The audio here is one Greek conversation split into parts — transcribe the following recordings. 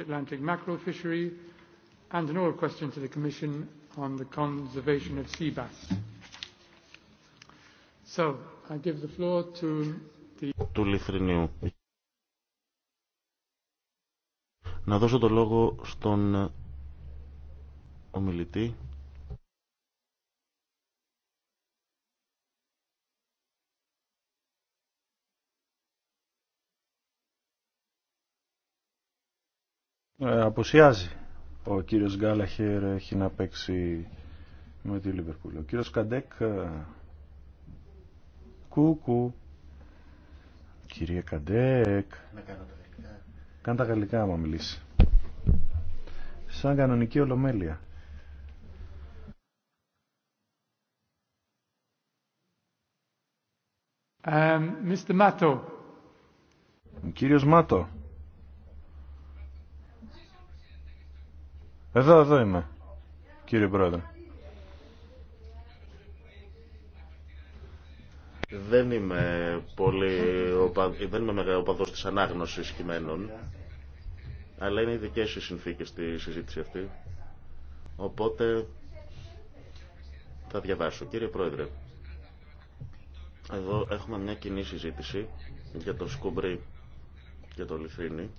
the Atlantic mackerel fishery, and an oral question to the Commission on the conservation of sea bass. So, I give the floor to the... Του Λιθρινίου. Να δώσω το λόγο στον ομιλητή. Ε, Αποσιάζει. Ο κύριος Γκάλαχερ έχει να παίξει με τη Λιβερπούλ. Ο κύριος Καντέκ... Κούκου. Ε, Κύριε Καντέκ. Να γαλλικά. Κάνε τα γαλλικά άμα μιλήσει. Σαν κανονική ολομέλεια. Um, Mr. Mato. Κύριος Μάτο. Εδώ, εδώ είμαι, κύριε Πρόεδρε. Δεν είμαι πολύ δεν είμαι οπαδός της ανάγνωσης κειμένων, αλλά είναι ειδικέ οι συνθήκες στη συζήτηση αυτή. Οπότε θα διαβάσω. Κύριε Πρόεδρε, εδώ έχουμε μια κοινή συζήτηση για το σκουμπρί και το λιθρίνι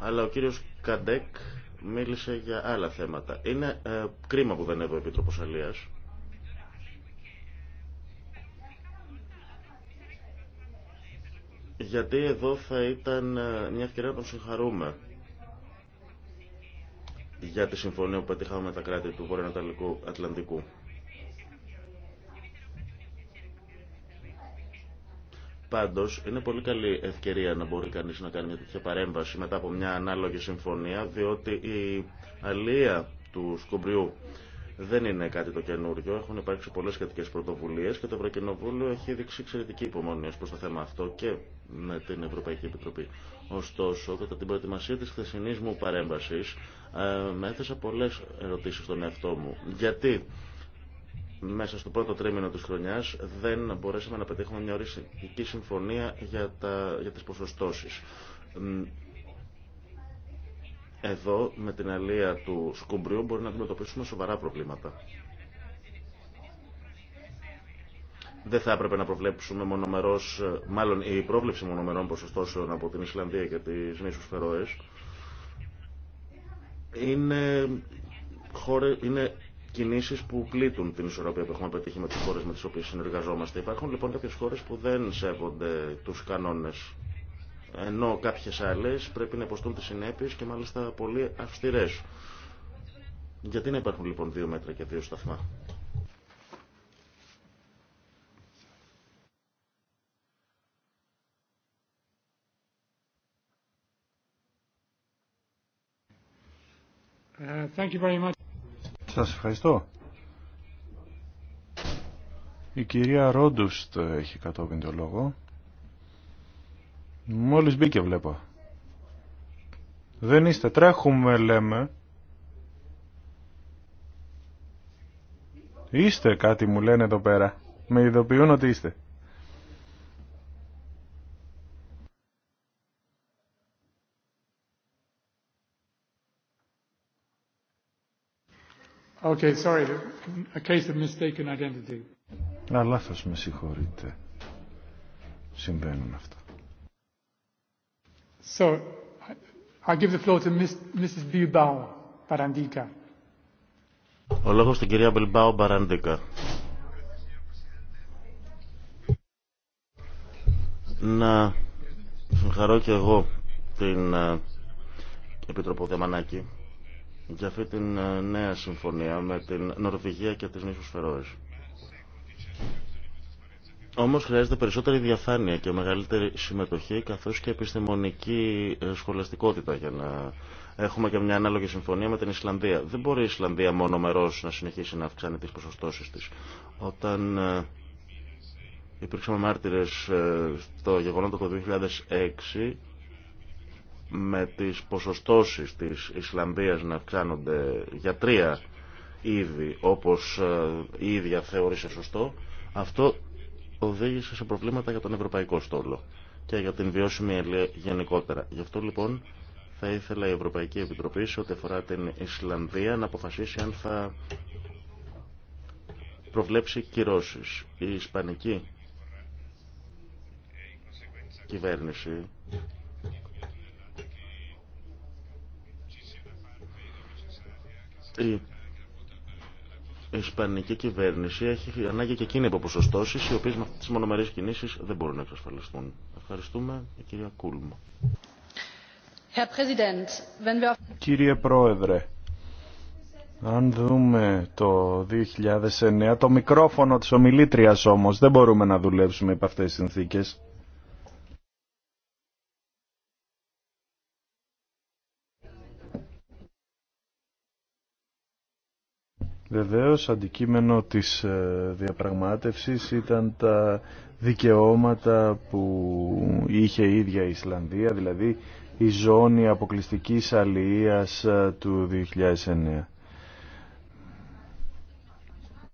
αλλά ο κύριος Καντέκ μίλησε για άλλα θέματα. Είναι ε, κρίμα που δεν είναι εδώ ο Επίτροπος Γιατί εδώ θα ήταν ε, μια ευκαιρία να τον συγχαρούμε για τη συμφωνία που πετύχαμε με τα κράτη του Βορειοανατολικού Ατλαντικού. Πάντω, είναι πολύ καλή ευκαιρία να μπορεί κανεί να κάνει μια τέτοια παρέμβαση μετά από μια ανάλογη συμφωνία, διότι η αλία του σκουμπριού δεν είναι κάτι το καινούριο. Έχουν υπάρξει πολλέ σχετικέ πρωτοβουλίε και το Ευρωκοινοβούλιο έχει δείξει εξαιρετική υπομονή ω προ το θέμα αυτό και με την Ευρωπαϊκή Επιτροπή. Ωστόσο, κατά την προετοιμασία τη χθεσινή μου παρέμβαση, ε, με έθεσα πολλέ ερωτήσει στον εαυτό μου. Γιατί μέσα στο πρώτο τρίμηνο της χρονιάς δεν μπορέσαμε να πετύχουμε μια οριστική συμφωνία για, τα, για τις ποσοστώσεις. Εδώ με την αλία του σκουμπριού μπορεί να αντιμετωπίσουμε σοβαρά προβλήματα. Δεν θα έπρεπε να προβλέψουμε μονομερός, μάλλον η πρόβλεψη μονομερών ποσοστώσεων από την Ισλανδία και τις νήσους Φερόες είναι, χώρε, είναι κινήσει που πλήττουν την ισορροπία που έχουμε πετύχει με τι χώρε με τι οποίε συνεργαζόμαστε. Υπάρχουν λοιπόν κάποιε χώρε που δεν σέβονται του κανόνε. Ενώ κάποιε άλλε πρέπει να υποστούν τι συνέπειε και μάλιστα πολύ αυστηρέ. Γιατί να υπάρχουν λοιπόν δύο μέτρα και δύο σταθμά. Ε, thank you very much. Σας ευχαριστώ. Η κυρία Ρόντουστ έχει κατόπιν το λόγο. Μόλις μπήκε βλέπω. Δεν είστε, τρέχουμε λέμε. Είστε κάτι μου λένε εδώ πέρα. Με ειδοποιούν ότι είστε. Okay, sorry. A case of mistaken identity. Α, λάθος, με συγχωρείτε. Συμβαίνουν αυτά. So, I give the floor to Mrs. Bilbao Barandica. Ο λόγος στην κυρία Bilbao Barandica. Να συγχαρώ και εγώ την Επιτροπό Δεμανάκη για αυτή την ε, νέα συμφωνία με την Νορβηγία και τις νήσους Φερόες. Όμως χρειάζεται περισσότερη διαφάνεια και μεγαλύτερη συμμετοχή καθώς και επιστημονική ε, σχολαστικότητα για να έχουμε και μια ανάλογη συμφωνία με την Ισλανδία. Δεν μπορεί η Ισλανδία μόνο μερός να συνεχίσει να αυξάνει τις ποσοστώσεις της. Όταν ε, υπήρξαμε μάρτυρες στο γεγονότο το 2006 με τις ποσοστώσεις της Ισλανδίας να αυξάνονται για τρία είδη όπως ε, η ίδια θεώρησε σωστό, αυτό οδήγησε σε προβλήματα για τον ευρωπαϊκό στόλο και για την βιώσιμη ελεία γενικότερα. Γι' αυτό λοιπόν θα ήθελα η Ευρωπαϊκή Επιτροπή σε ό,τι αφορά την Ισλανδία να αποφασίσει αν θα προβλέψει κυρώσεις. Η Ισπανική κυβέρνηση Η Ισπανική κυβέρνηση έχει ανάγκη και εκείνη από ποσοστώσεις, οι οποίες με αυτές τις μονομερείς κινήσεις δεν μπορούν να εξασφαλιστούν. Ευχαριστούμε, η κυρία Κούλμα. Κύριε Πρόεδρε, αν δούμε το 2009, το μικρόφωνο της ομιλήτριας όμως δεν μπορούμε να δουλέψουμε υπ' αυτές τις συνθήκες. Βεβαίως, αντικείμενο της ε, διαπραγμάτευσης ήταν τα δικαιώματα που είχε η ίδια η Ισλανδία, δηλαδή η ζώνη αποκλειστικής αλληλείας ε, του 2009.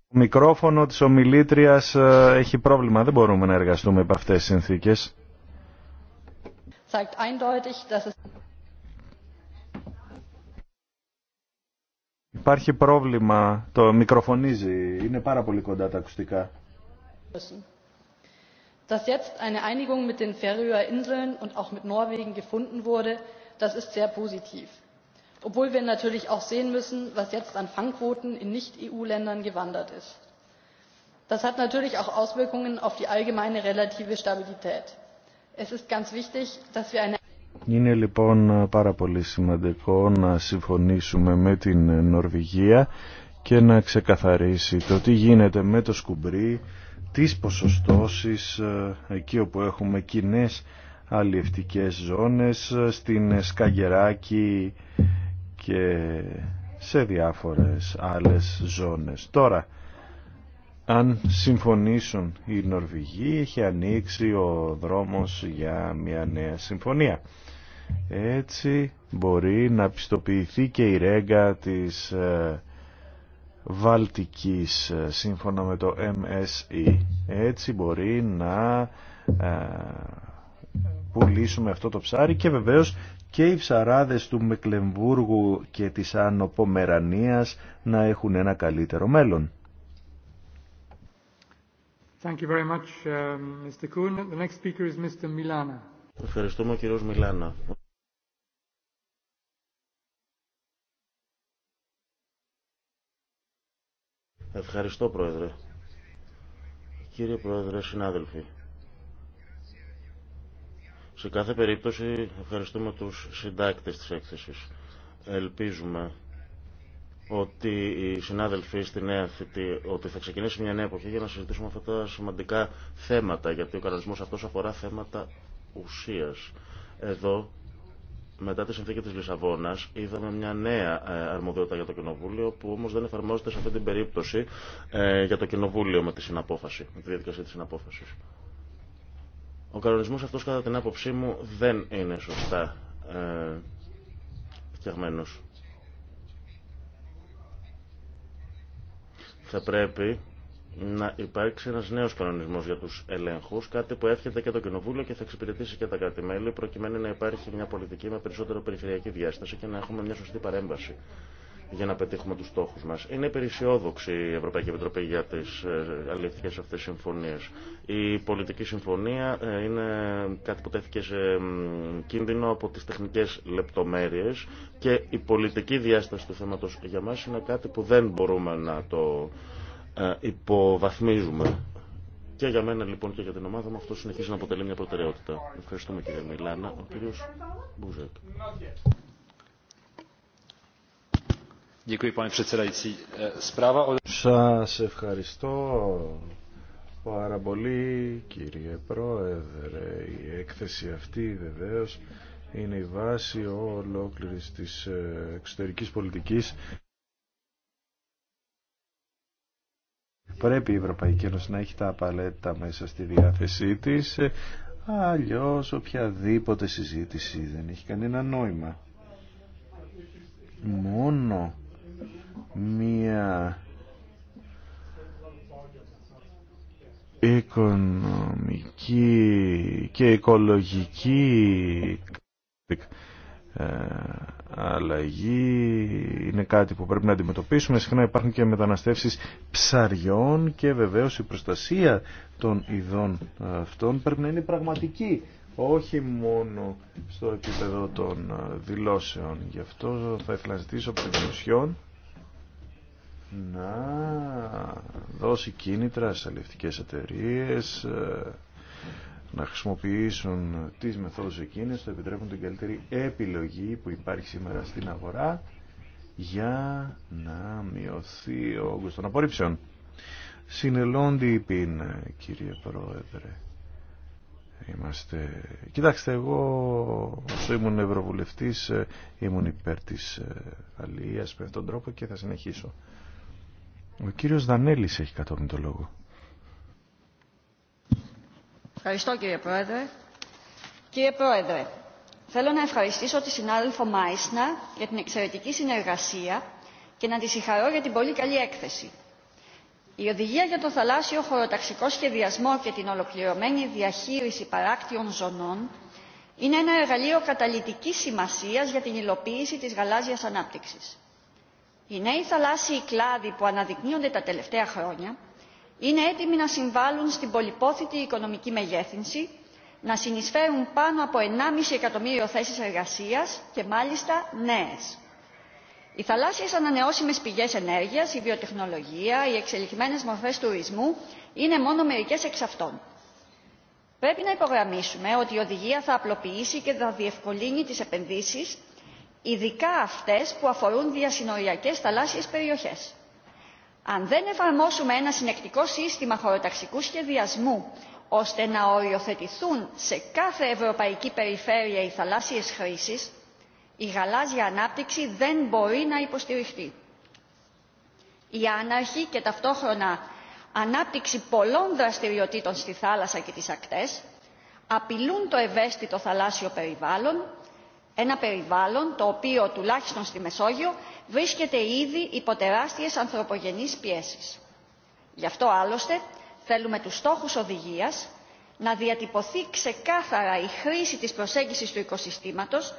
Το μικρόφωνο της ομιλήτριας ε, έχει πρόβλημα. Δεν μπορούμε να εργαστούμε από αυτές τις συνθήκες. Υπάρχει πρόβλημα. Το μικροφωνίζει. Είναι πάρα πολύ κοντά τα ακουστικά. Dass jetzt eine Einigung mit den Färöer Inseln und auch mit Norwegen gefunden wurde, das ist sehr positiv. Obwohl wir natürlich auch sehen müssen, was jetzt an Fangquoten in Nicht-EU-Ländern gewandert ist. Das hat natürlich auch Auswirkungen auf die allgemeine relative Stabilität. Es ist ganz wichtig, dass wir eine είναι λοιπόν πάρα πολύ σημαντικό να συμφωνήσουμε με την Νορβηγία και να ξεκαθαρίσει το τι γίνεται με το σκουμπρί, τις ποσοστώσεις ε, εκεί όπου έχουμε κοινέ αλλιευτικές ζώνες, ε, στην Σκαγεράκη και σε διάφορες άλλες ζώνες. Τώρα, αν συμφωνήσουν οι Νορβηγοί έχει ανοίξει ο δρόμος για μια νέα συμφωνία. Έτσι μπορεί να πιστοποιηθεί και η ρέγγα της ε, Βαλτικής ε, σύμφωνα με το MSE. Έτσι μπορεί να ε, πουλήσουμε αυτό το ψάρι και βεβαίως και οι ψαράδες του Μεκλεμβούργου και της Άνω Πομερανίας να έχουν ένα καλύτερο μέλλον. Thank you very much, uh, Mr. Kuhn. The next speaker is Mr. Ευχαριστούμε, κύριος Μιλάνα. Ευχαριστώ, Πρόεδρε. Κύριε Πρόεδρε, συνάδελφοι. Σε κάθε περίπτωση ευχαριστούμε τους συντάκτες της έκθεσης. Ελπίζουμε ότι οι συνάδελφοι στη νέα ότι θα ξεκινήσει μια νέα εποχή για να συζητήσουμε αυτά τα σημαντικά θέματα, γιατί ο κανονισμό αυτός αφορά θέματα ουσίας. Εδώ μετά τη συνθήκη τη Λισαβόνα, είδαμε μια νέα ε, αρμοδιότητα για το Κοινοβούλιο, που όμω δεν εφαρμόζεται σε αυτή την περίπτωση ε, για το Κοινοβούλιο με τη συναπόφαση, με τη διαδικασία τη συναπόφαση. Ο κανονισμό αυτό, κατά την άποψή μου, δεν είναι σωστά ε, φτιαγμένο. Θα πρέπει να υπάρξει ένα νέο κανονισμό για του ελέγχου, κάτι που εύχεται και το Κοινοβούλιο και θα εξυπηρετήσει και τα κράτη-μέλη, προκειμένου να υπάρχει μια πολιτική με περισσότερο περιφερειακή διάσταση και να έχουμε μια σωστή παρέμβαση για να πετύχουμε τους στόχους μας. Είναι υπερησιόδοξη η Ευρωπαϊκή Επιτροπή για τις ε, αλήθειες αυτές συμφωνίες. Η πολιτική συμφωνία ε, είναι κάτι που τέθηκε σε κίνδυνο από τις τεχνικές λεπτομέρειες και η πολιτική διάσταση του θέματος για μας είναι κάτι που δεν μπορούμε να το ε, υποβαθμίζουμε. Και για μένα λοιπόν και για την ομάδα μου αυτό συνεχίζει να αποτελεί μια προτεραιότητα. Ευχαριστούμε κύριε Μιλάνα. Ο κύριος Μπούζεκ. Σας ευχαριστώ πάρα πολύ κύριε Πρόεδρε. Η έκθεση αυτή βεβαίως είναι η βάση ολόκληρης της ε, εξωτερικής πολιτικής. Πρέπει η Ευρωπαϊκή Ένωση να έχει τα απαλέτητα μέσα στη διάθεσή της, ε, αλλιώς οποιαδήποτε συζήτηση δεν έχει κανένα νόημα. Μόνο μία οικονομική και οικολογική ε, αλλαγή είναι κάτι που πρέπει να αντιμετωπίσουμε συχνά υπάρχουν και μεταναστεύσεις ψαριών και βεβαίως η προστασία των ειδών αυτών πρέπει να είναι πραγματική όχι μόνο στο επίπεδο των δηλώσεων γι' αυτό θα ήθελα να ζητήσω να δώσει κίνητρα στις αλληλευτικές εταιρείε ε, να χρησιμοποιήσουν τις μεθόδους εκείνες που επιτρέπουν την καλύτερη επιλογή που υπάρχει σήμερα στην αγορά για να μειωθεί ο όγκος των απορρίψεων. Συνελώντη υπήν, κύριε Πρόεδρε. Είμαστε... Κοιτάξτε, εγώ όσο ήμουν Ευρωβουλευτής ε, ήμουν υπέρ της ε, αλληλείας με αυτόν τον τρόπο και θα συνεχίσω. Ο κύριος Δανέλης έχει κατόπιν το λόγο. Ευχαριστώ κύριε Πρόεδρε. Κύριε Πρόεδρε, θέλω να ευχαριστήσω τη συνάδελφο Μάισνα για την εξαιρετική συνεργασία και να τη συγχαρώ για την πολύ καλή έκθεση. Η οδηγία για το θαλάσσιο χωροταξικό σχεδιασμό και την ολοκληρωμένη διαχείριση παράκτιων ζωνών είναι ένα εργαλείο καταλητικής σημασίας για την υλοποίηση της γαλάζιας ανάπτυξης. Οι νέοι θαλάσσιοι κλάδοι που αναδεικνύονται τα τελευταία χρόνια είναι έτοιμοι να συμβάλλουν στην πολυπόθητη οικονομική μεγέθυνση, να συνεισφέρουν πάνω από 1,5 εκατομμύριο θέσεις εργασίας και μάλιστα νέες. Οι θαλάσσιες ανανεώσιμες πηγές ενέργειας, η βιοτεχνολογία, οι εξελιχμένες μορφές τουρισμού είναι μόνο μερικές εξ αυτών. Πρέπει να υπογραμμίσουμε ότι η οδηγία θα απλοποιήσει και θα διευκολύνει τις επενδύσεις ειδικά αυτές που αφορούν διασυνοριακές θαλάσσιες περιοχές. Αν δεν εφαρμόσουμε ένα συνεκτικό σύστημα χωροταξικού σχεδιασμού, ώστε να οριοθετηθούν σε κάθε ευρωπαϊκή περιφέρεια οι θαλάσσιες χρήσεις, η γαλάζια ανάπτυξη δεν μπορεί να υποστηριχτεί. Η άναρχη και ταυτόχρονα ανάπτυξη πολλών δραστηριοτήτων στη θάλασσα και τις ακτές απειλούν το ευαίσθητο θαλάσσιο περιβάλλον ένα περιβάλλον το οποίο τουλάχιστον στη Μεσόγειο βρίσκεται ήδη υπό τεράστιες ανθρωπογενείς πιέσεις. Γι' αυτό άλλωστε θέλουμε τους στόχους οδηγίας να διατυπωθεί ξεκάθαρα η χρήση της προσέγγισης του οικοσυστήματος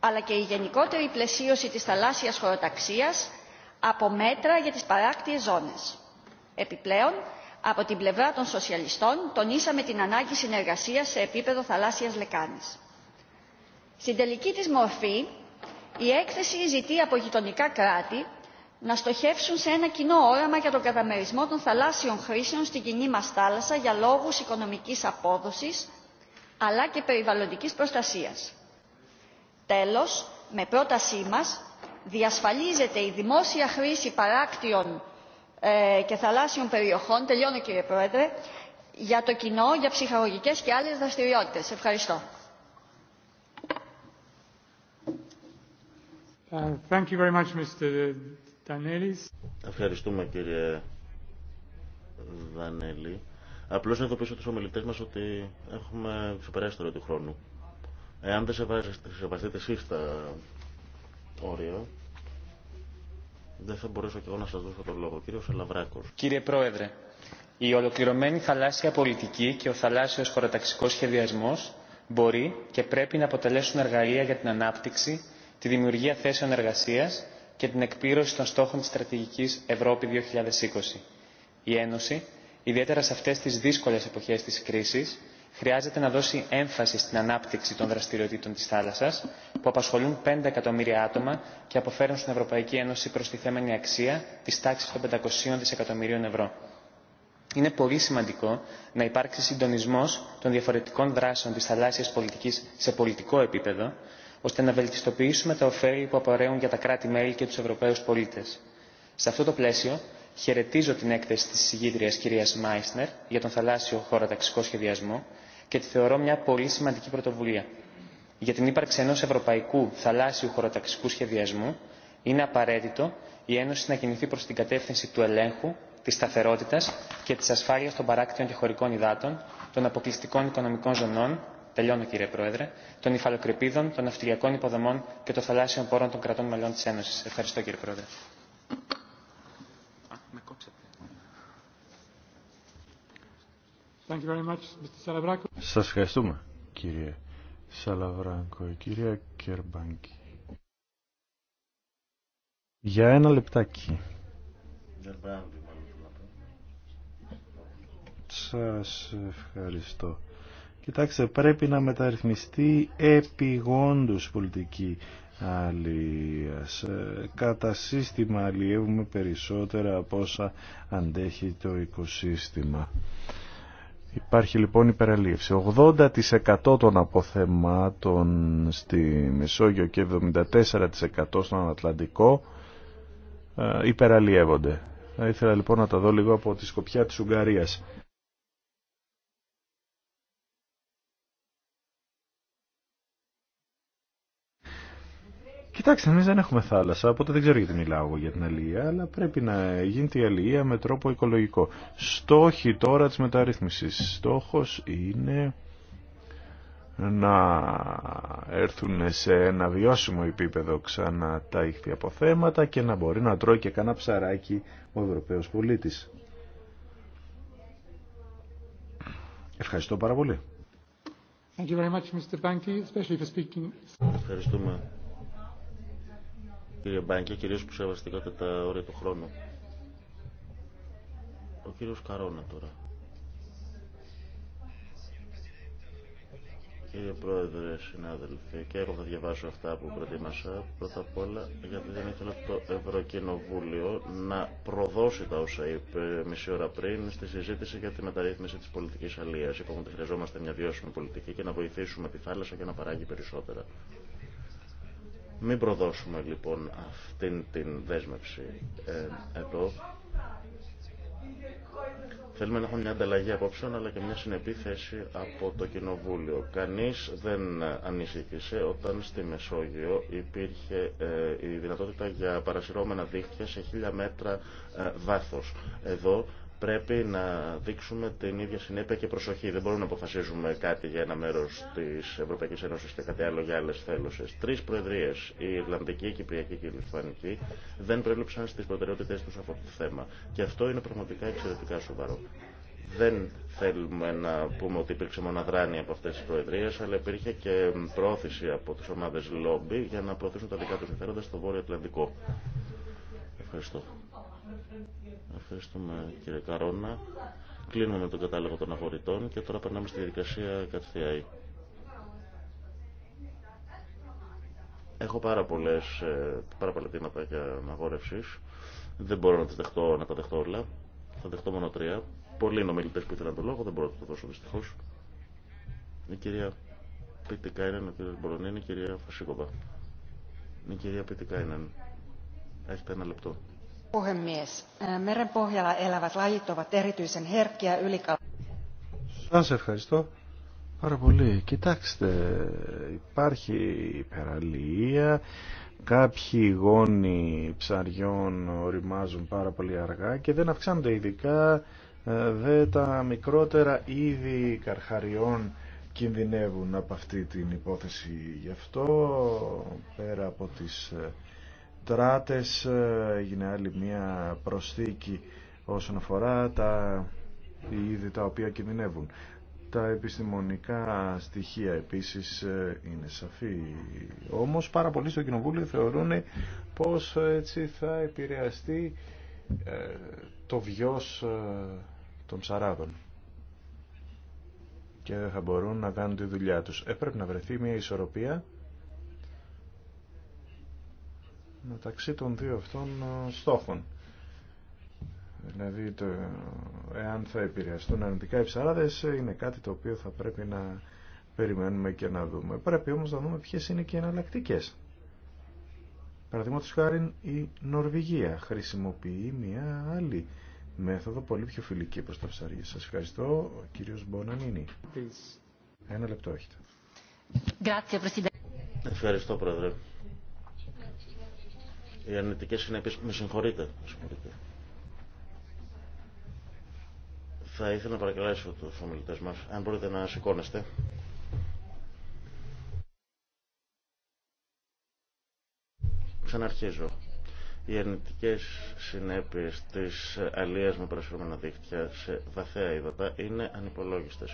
αλλά και η γενικότερη πλαισίωση της θαλάσσιας χωροταξίας από μέτρα για τις παράκτιες ζώνες. Επιπλέον, από την πλευρά των σοσιαλιστών τονίσαμε την ανάγκη συνεργασίας σε επίπεδο θαλάσσιας λεκάνης. Στην τελική της μορφή, η έκθεση ζητεί από γειτονικά κράτη να στοχεύσουν σε ένα κοινό όραμα για τον καταμερισμό των θαλάσσιων χρήσεων στην κοινή μας θάλασσα για λόγους οικονομικής απόδοσης, αλλά και περιβαλλοντικής προστασίας. Τέλος, με πρότασή μας διασφαλίζεται η δημόσια χρήση παράκτιων ε, και θαλάσσιων περιοχών, τελειώνω κύριε Πρόεδρε, για το κοινό, για ψυχαγωγικές και άλλες δραστηριότητες. Ευχαριστώ. Uh, Ευχαριστούμε κύριε Δανέλη. Απλώς να ειδοποιήσω τους ομιλητές μας ότι έχουμε ξεπεράσει το του χρόνου. Εάν δεν σεβαστείτε εσείς τα όρια, δεν θα μπορέσω και εγώ να σας δώσω τον λόγο. Κύριος Κύριε Πρόεδρε, η ολοκληρωμένη θαλάσσια πολιτική και ο θαλάσσιος χωροταξικός σχεδιασμός μπορεί και πρέπει να αποτελέσουν εργαλεία για την ανάπτυξη τη δημιουργία θέσεων εργασία και την εκπλήρωση των στόχων τη Στρατηγική Ευρώπη 2020. Η Ένωση, ιδιαίτερα σε αυτέ τι δύσκολε εποχέ τη κρίση, χρειάζεται να δώσει έμφαση στην ανάπτυξη των δραστηριοτήτων τη θάλασσα, που απασχολούν 5 εκατομμύρια άτομα και αποφέρουν στην Ευρωπαϊκή Ένωση προστιθέμενη αξία τη τάξη των 500 δισεκατομμυρίων ευρώ. Είναι πολύ σημαντικό να υπάρξει συντονισμό των διαφορετικών δράσεων τη θαλάσσια πολιτική σε πολιτικό επίπεδο, ώστε να βελτιστοποιήσουμε τα ωφέλη που απορρέουν για τα κράτη-μέλη και του Ευρωπαίου πολίτε. Σε αυτό το πλαίσιο, χαιρετίζω την έκθεση τη συγγήτρια κυρία Μάισνερ για τον θαλάσσιο χωροταξικό σχεδιασμό και τη θεωρώ μια πολύ σημαντική πρωτοβουλία. Για την ύπαρξη ενό ευρωπαϊκού θαλάσσιου χωροταξικού σχεδιασμού είναι απαραίτητο η Ένωση να κινηθεί προ την κατεύθυνση του ελέγχου, τη σταθερότητα και τη ασφάλεια των παράκτιων και χωρικών υδάτων, των αποκλειστικών οικονομικών ζωνών τελειώνω κύριε Πρόεδρε, των υφαλοκρηπίδων, των αυτιλιακών υποδομών και των θαλάσσιων πόρων των κρατών μελών της Ένωσης. Ευχαριστώ κύριε Πρόεδρε. Σα Σας ευχαριστούμε κύριε Σαλαβράκο, κύριε Κερμπάνκη. Για ένα λεπτάκι. Σας ευχαριστώ. Κοιτάξτε, πρέπει να μεταρρυθμιστεί επιγόντως πολιτική αλίας. Ε, κατά σύστημα αλλιεύουμε περισσότερα από όσα αντέχει το οικοσύστημα. Υπάρχει λοιπόν υπεραλίευση. 80% των αποθεμάτων στη Μεσόγειο και 74% στον Ατλαντικό ε, υπεραλλιεύονται. Θα ήθελα λοιπόν να τα δω λίγο από τη σκοπιά της Ουγγαρίας. Κοιτάξτε, εμεί δεν έχουμε θάλασσα, οπότε δεν ξέρω γιατί μιλάω εγώ για την αλληλεία, αλλά πρέπει να γίνει η αλληλεία με τρόπο οικολογικό. Στόχοι τώρα τη μεταρρύθμιση. Στόχο είναι να έρθουν σε ένα βιώσιμο επίπεδο ξανά τα ήχθη αποθέματα και να μπορεί να τρώει και κανένα ψαράκι ο Ευρωπαίος πολίτης. Ευχαριστώ πάρα πολύ. Mr. especially for speaking κύριε Μπάνκε, κυρίως που σεβαστήκατε τα όρια του χρόνου. Ο κύριος Καρόνα τώρα. Κύριε Πρόεδρε, συνάδελφοι, και εγώ θα διαβάσω αυτά που προτιμάσα. Πρώτα απ' όλα, γιατί δεν ήθελα το Ευρωκοινοβούλιο να προδώσει τα όσα είπε μισή ώρα πριν στη συζήτηση για τη μεταρρύθμιση τη πολιτική αλεία. Είπαμε ότι χρειαζόμαστε μια βιώσιμη πολιτική και να βοηθήσουμε τη θάλασσα για να παράγει περισσότερα. Μην προδώσουμε λοιπόν αυτήν την δέσμευση ε, εδώ. Θέλουμε να έχουμε μια ανταλλαγή απόψεων αλλά και μια συνεπή θέση από το Κοινοβούλιο. Κανείς δεν ανησυχήσε όταν στη Μεσόγειο υπήρχε ε, η δυνατότητα για παρασυρώμενα δίχτυα σε χίλια μέτρα ε, βάθος. Εδώ πρέπει να δείξουμε την ίδια συνέπεια και προσοχή. Δεν μπορούμε να αποφασίζουμε κάτι για ένα μέρο τη Ευρωπαϊκή Ένωση και κάτι άλλο για άλλε θέλωσε. Τρει προεδρίε, η Ιρλανδική, η Κυπριακή και η Λιθουανική, δεν προέλεψαν στι προτεραιότητέ του αυτό το θέμα. Και αυτό είναι πραγματικά εξαιρετικά σοβαρό. Δεν θέλουμε να πούμε ότι υπήρξε μοναδράνη από αυτέ τι προεδρίε, αλλά υπήρχε και πρόθεση από τι ομάδε λόμπι για να προωθήσουν τα δικά του συμφέροντα στο Βόρειο Ατλαντικό. Ευχαριστώ. Ευχαριστούμε κύριε Καρόνα. Κλείνουμε τον κατάλογο των αγορητών και τώρα περνάμε στη διαδικασία κατευθείαν. Έχω πάρα, πολλές, ε, πάρα πολλά τίματα για αγόρευση. Δεν μπορώ να, δεχτώ, να τα δεχτώ όλα. Θα δεχτώ μόνο τρία. Πολλοί είναι που ήθελαν τον λόγο, δεν μπορώ να το δώσω δυστυχώ. Η κυρία είναι ο κύριο Μπορονίνη, η κυρία Φασίκοβα. Η κυρία Κάινεν Έχετε ένα λεπτό. Σας ευχαριστώ πάρα πολύ. Κοιτάξτε, υπάρχει υπεραλία, κάποιοι γόνοι ψαριών οριμάζουν πάρα πολύ αργά και δεν αυξάνονται ειδικά ε, δε τα μικρότερα είδη καρχαριών κινδυνεύουν από αυτή την υπόθεση. Γι' αυτό πέρα από τις ε, τράτες ε, έγινε άλλη μια προσθήκη όσον αφορά τα είδη τα οποία κινδυνεύουν. Τα επιστημονικά στοιχεία επίσης ε, είναι σαφή. Όμως πάρα πολλοί στο Κοινοβούλιο θεωρούν πως έτσι θα επηρεαστεί ε, το βιός των ψαράδων και δεν θα μπορούν να κάνουν τη δουλειά τους. έπρεπε να βρεθεί μια ισορροπία μεταξύ των δύο αυτών ε, στόχων. Δηλαδή, εάν θα επηρεαστούν αρνητικά οι ψαράδες, είναι κάτι το οποίο θα πρέπει να περιμένουμε και να δούμε. Πρέπει όμως να δούμε ποιες είναι και οι εναλλακτικές. Παραδείγματο χάρη η Νορβηγία χρησιμοποιεί μια άλλη μέθοδο πολύ πιο φιλική προς τα ψαρία. Σας ευχαριστώ, ο κύριος Μπονανίνη. Ένα λεπτό έχετε. Ευχαριστώ, Πρόεδρε. Οι αρνητικέ συνέπειε. Με συγχωρείτε. συγχωρείτε. Θα ήθελα να παρακαλέσω του ομιλητέ μα, αν μπορείτε να σηκώνεστε. Ξαναρχίζω. Οι αρνητικέ συνέπειε τη αλεία με παρασυρωμένα δίχτυα σε βαθαία ύδατα είναι ανυπολόγιστε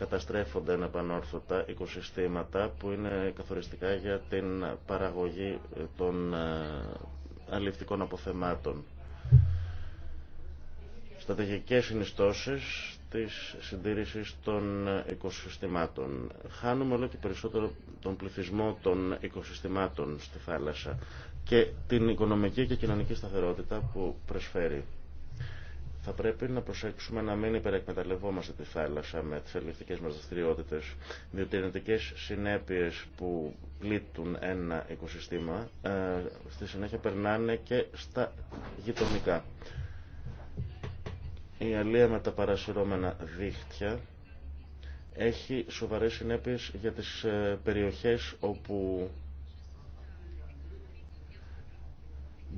καταστρέφονται αναπανόρθωτα οικοσυστήματα που είναι καθοριστικά για την παραγωγή ε, των ε, αληφτικών αποθεμάτων. Στατηγικές συνιστώσεις της συντήρησης των οικοσυστημάτων. Χάνουμε όλο και περισσότερο τον πληθυσμό των οικοσυστημάτων στη θάλασσα και την οικονομική και κοινωνική σταθερότητα που προσφέρει θα πρέπει να προσέξουμε να μην υπερεκμεταλλευόμαστε τη θάλασσα με τις ελληνικές μας δραστηριότητε, διότι οι αρνητικές συνέπειες που πλήττουν ένα οικοσυστήμα ε, στη συνέχεια περνάνε και στα γειτονικά. Η αλία με τα παρασυρώμενα δίχτυα έχει σοβαρές συνέπειες για τις ε, περιοχές όπου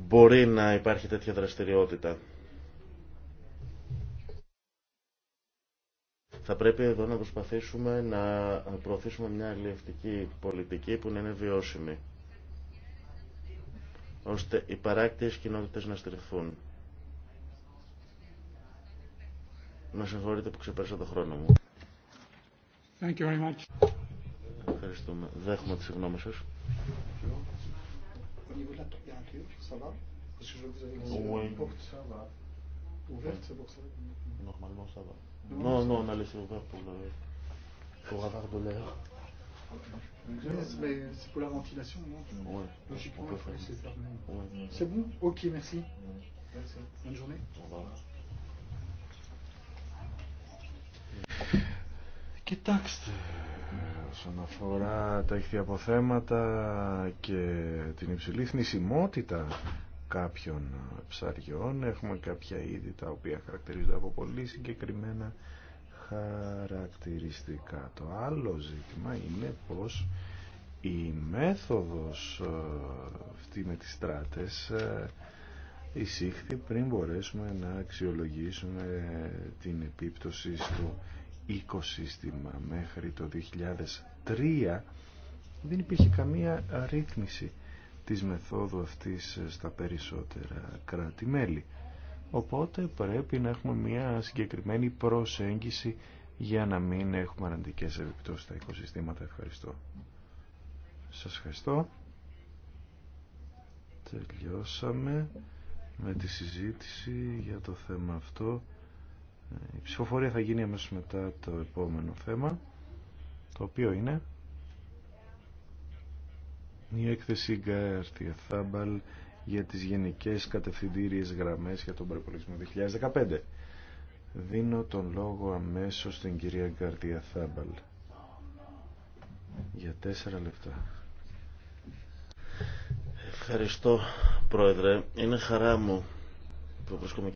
μπορεί να υπάρχει τέτοια δραστηριότητα. Θα πρέπει εδώ να προσπαθήσουμε να προωθήσουμε μια αλληλευτική πολιτική που να είναι βιώσιμη, ώστε οι παράκτιες κοινότητες να στηριχθούν. Με συγχωρείτε που ξεπέρασα το χρόνο μου. Thank you very much. Ευχαριστούμε. Δέχομαι τη συγγνώμη σας. Ouverte, c'est pour ça. Normalement, ça va. Non, non, on a laissé ouvert pour, le, pour avoir de l'air. Mais c'est pour la ventilation, non Oui. Logiquement, on peut faire laisser fermer. Ouais. C'est bon Ok, merci. Bonne journée. Au revoir. Κοιτάξτε, όσον αφορά τα ηχθιαποθέματα και την υψηλή θνησιμότητα κάποιων ε, ψαριών. Έχουμε κάποια είδη τα οποία χαρακτηρίζονται από πολύ συγκεκριμένα χαρακτηριστικά. Το άλλο ζήτημα είναι πως η μέθοδος ε, αυτή με τις στράτες ε, εισήχθη πριν μπορέσουμε να αξιολογήσουμε την επίπτωση στο οικοσύστημα μέχρι το 2003 δεν υπήρχε καμία ρύθμιση της μεθόδου αυτής ε, στα περισσότερα κράτη-μέλη. Οπότε πρέπει να έχουμε μια συγκεκριμένη προσέγγιση για να μην έχουμε αρνητικές επιπτώσεις στα οικοσυστήματα. Ευχαριστώ. Σας ευχαριστώ. Τελειώσαμε με τη συζήτηση για το θέμα αυτό. Ε, η ψηφοφορία θα γίνει αμέσως μετά το επόμενο θέμα, το οποίο είναι... Η έκθεση Γκάρτια Θάμπαλ για τις γενικές κατευθυντήριες γραμμές για τον προπολογισμό 2015. Δίνω τον λόγο αμέσως στην κυρία Γκάρτια Θάμπαλ. Για τέσσερα λεπτά. Ευχαριστώ, Πρόεδρε. Είναι χαρά μου που βρίσκομαι